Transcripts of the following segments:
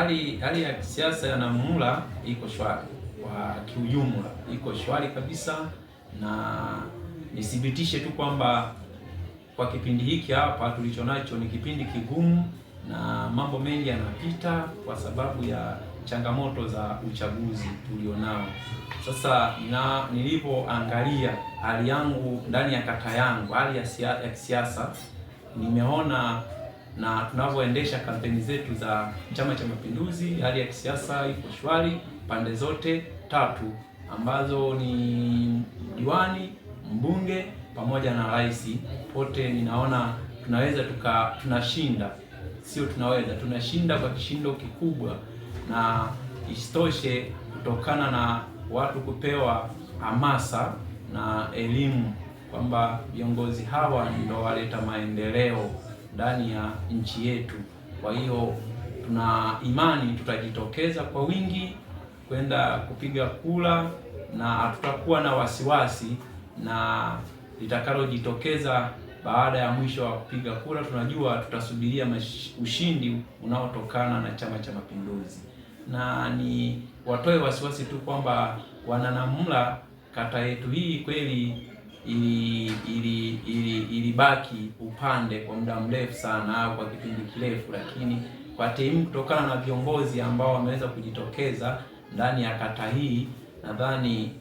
hali hali ya kisiasa ya Namuhula iko shwari, kwa kiujumla iko shwari kabisa, na nithibitishe tu kwamba kwa kipindi hiki hapa tulichonacho ni kipindi kigumu na mambo mengi yanapita kwa sababu ya changamoto za uchaguzi tulionao. Sasa na nilipoangalia hali yangu ndani ya kata yangu, hali ya, ya kisiasa nimeona na tunavyoendesha kampeni zetu za Chama cha Mapinduzi, hali ya kisiasa iko shwari pande zote tatu ambazo ni diwani, mbunge pamoja na rais. Pote ninaona tunaweza tuka, tunashinda, sio tunaweza, tunashinda kwa kishindo kikubwa, na isitoshe kutokana na watu kupewa hamasa na elimu kwamba viongozi hawa ndio waleta maendeleo ndani ya nchi yetu. Kwa hiyo tuna imani tutajitokeza kwa wingi kwenda kupiga kura na hatutakuwa na wasiwasi na litakalojitokeza baada ya mwisho wa kupiga kura. Tunajua tutasubiria ushindi unaotokana na Chama cha Mapinduzi, na ni watoe wasiwasi tu kwamba Wananamla kata yetu hii kweli ili ili ili ilibaki upande kwa muda mrefu sana au kwa kipindi kirefu, lakini kwa timu kutokana na viongozi ambao wameweza kujitokeza ndani ya kata hii, nadhani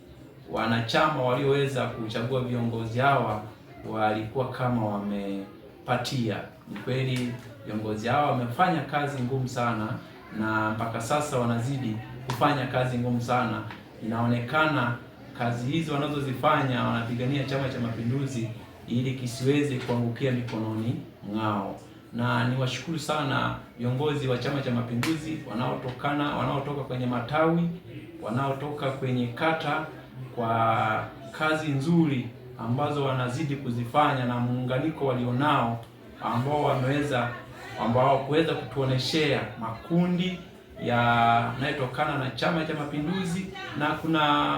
wanachama walioweza kuchagua viongozi hawa walikuwa kama wamepatia. Ni kweli viongozi hawa wamefanya kazi ngumu sana, na mpaka sasa wanazidi kufanya kazi ngumu sana, inaonekana kazi hizi wanazozifanya wanapigania Chama cha Mapinduzi ili kisiweze kuangukia mikononi mwao, na niwashukuru sana viongozi wa Chama cha Mapinduzi wanaotokana wanaotoka kwenye matawi wanaotoka kwenye kata kwa kazi nzuri ambazo wanazidi kuzifanya na muunganiko walionao ambao wameweza ambao kuweza kutuoneshea makundi yanayotokana na Chama cha Mapinduzi na kuna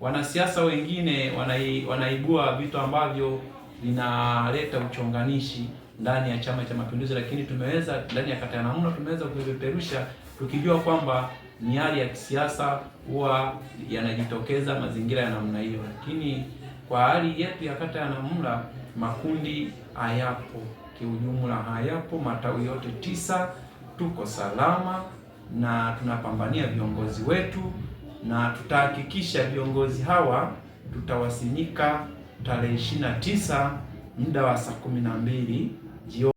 wanasiasa wengine wanai, wanaibua vitu ambavyo vinaleta uchonganishi ndani ya Chama cha Mapinduzi, lakini tumeweza ndani ya kata ya Namna tumeweza kuipeperusha tukijua kwamba ni hali ya kisiasa huwa yanajitokeza mazingira ya namna hiyo, lakini kwa hali yetu ya kata ya Namna makundi hayapo kiujumla, hayapo matawi yote tisa, tuko salama na tunapambania viongozi wetu na tutahakikisha viongozi hawa tutawasinyika tarehe 29 muda wa saa 12 jioni.